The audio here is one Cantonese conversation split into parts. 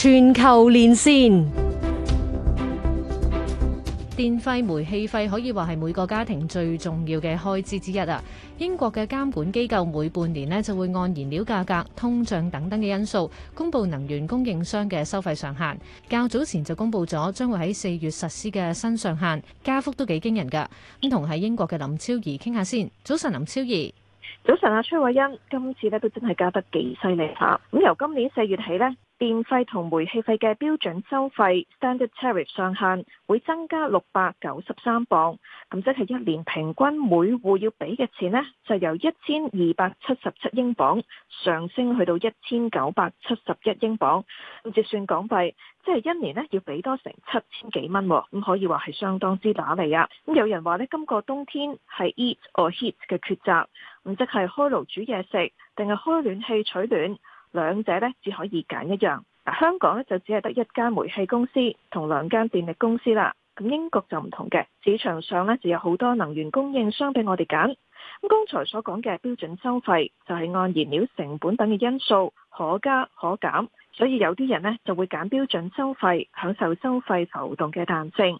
全球連線，電費、煤氣費可以話係每個家庭最重要嘅開支之一啊！英國嘅監管機構每半年咧就會按燃料價格、通脹等等嘅因素，公布能源供應商嘅收費上限。較早前就公布咗，將會喺四月實施嘅新上限，加幅都幾驚人噶。咁同喺英國嘅林昭儀傾下先。早晨，林昭儀，早晨啊，崔蔚恩，今次咧都真係加得幾犀利下。咁由今年四月起咧。電費同煤氣費嘅標準收費 （standard tariff） 上限會增加六百九十三磅，咁即係一年平均每戶要俾嘅錢呢，就由一千二百七十七英鎊上升去到一千九百七十一英鎊。咁折算港幣，即係一年呢要俾多成七千幾蚊，咁可以話係相當之打理啊！咁有人話呢，今個冬天係 eat or heat 嘅抉擇，咁即係開爐煮嘢食，定係開暖氣取暖？兩者咧只可以揀一樣。嗱，香港咧就只係得一間煤氣公司同兩間電力公司啦。咁英國就唔同嘅，市場上咧就有好多能源供應商俾我哋揀。咁剛才所講嘅標準收費就係按燃料成本等嘅因素可加可減，所以有啲人咧就會揀標準收費，享受收費浮動嘅彈性。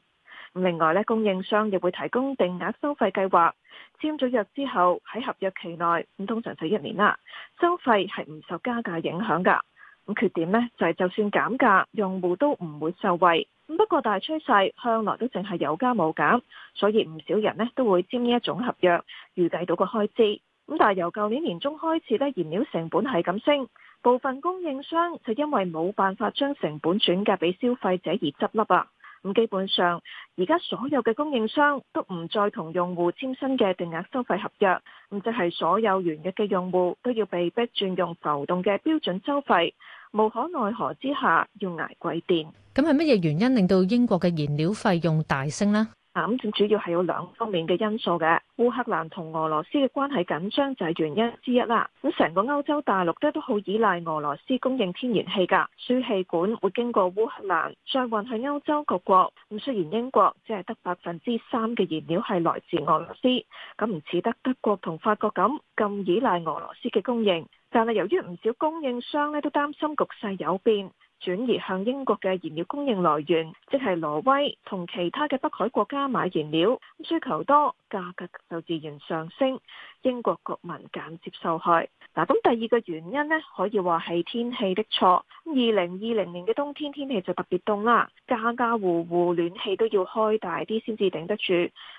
另外咧，供應商亦會提供定額收費計劃，簽咗約之後喺合約期內，咁通常就一年啦。收費係唔受加價影響㗎。咁、嗯、缺點呢，就係、是、就算減價，用戶都唔會受惠。不過大趨勢向來都淨係有加冇減，所以唔少人呢都會簽呢一種合約，預計到個開支。咁但係由舊年年中開始呢，燃料成本係咁升，部分供應商就因為冇辦法將成本轉嫁俾消費者而執笠啊！咁基本上，而家所有嘅供應商都唔再同用戶簽新嘅定額收費合約，咁即係所有原約嘅用戶都要被逼轉用浮動嘅標準收費，無可奈何之下要捱貴電。咁係乜嘢原因令到英國嘅燃料費用大升呢？咁主要係有兩方面嘅因素嘅，烏克蘭同俄羅斯嘅關係緊張就係原因之一啦。咁成個歐洲大陸咧都好依賴俄羅斯供應天然氣噶，輸氣管會經過烏克蘭再運去歐洲各國。咁雖然英國只係得百分之三嘅燃料係來自俄羅斯，咁唔似得德國同法國咁咁依賴俄羅斯嘅供應。但係由於唔少供應商咧都擔心局勢有變。轉移向英國嘅燃料供應來源，即係挪威同其他嘅北海國家買燃料，需求多，價格就自然上升。英國國民間接受害。嗱，咁第二個原因呢，可以話係天氣的錯。二零二零年嘅冬天天氣就特別凍啦，家家戶戶暖氣都要開大啲先至頂得住，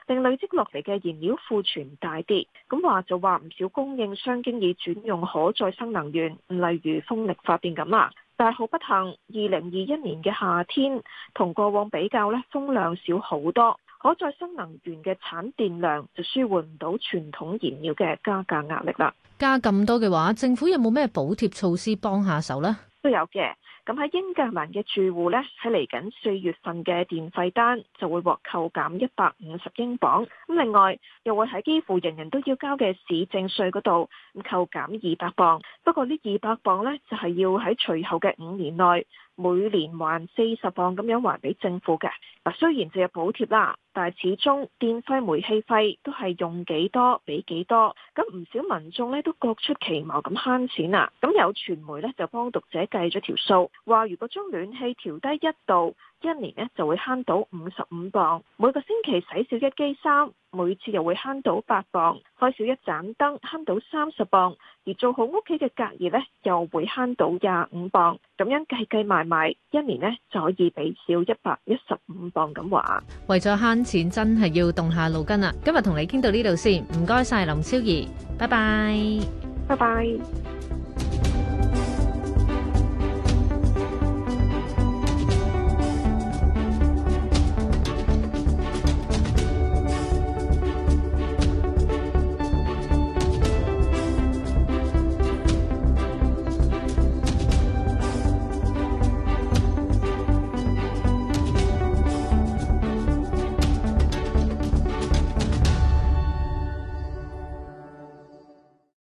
令累積落嚟嘅燃料庫存大跌。咁話就話唔少供應商經已轉用可再生能源，例如風力發電咁啦。但好不幸，二零二一年嘅夏天同過往比較呢，風量少好多，可再生能源嘅產電量就舒緩唔到傳統燃料嘅加價壓力啦。加咁多嘅話，政府有冇咩補貼措施幫下手呢？都有嘅。咁喺英格蘭嘅住戶呢，喺嚟緊四月份嘅電費單就會獲扣減一百五十英鎊，咁另外又會喺幾乎人人都要交嘅市政稅嗰度扣減二百鎊。不過呢二百鎊呢，就係要喺隨後嘅五年內。每年還四十磅咁樣還俾政府嘅嗱，雖然就有補貼啦，但係始終電費、煤氣費都係用幾多俾幾多，咁唔少民眾呢都各出奇謀咁慳錢啊！咁有傳媒呢就幫讀者計咗條數，話如果將暖氣調低一度，一年呢就會慳到五十五鎊，每個星期洗少一機衫，每次又會慳到八鎊，開少一盞燈慳到三十鎊，而做好屋企嘅隔熱呢又會慳到廿五鎊，咁樣計計埋埋一年呢就可以俾少一百一十五鎊咁話。為咗慳錢，真係要動下腦筋啊！今日同你傾到呢度先，唔該晒，林昭儀，拜拜，拜拜。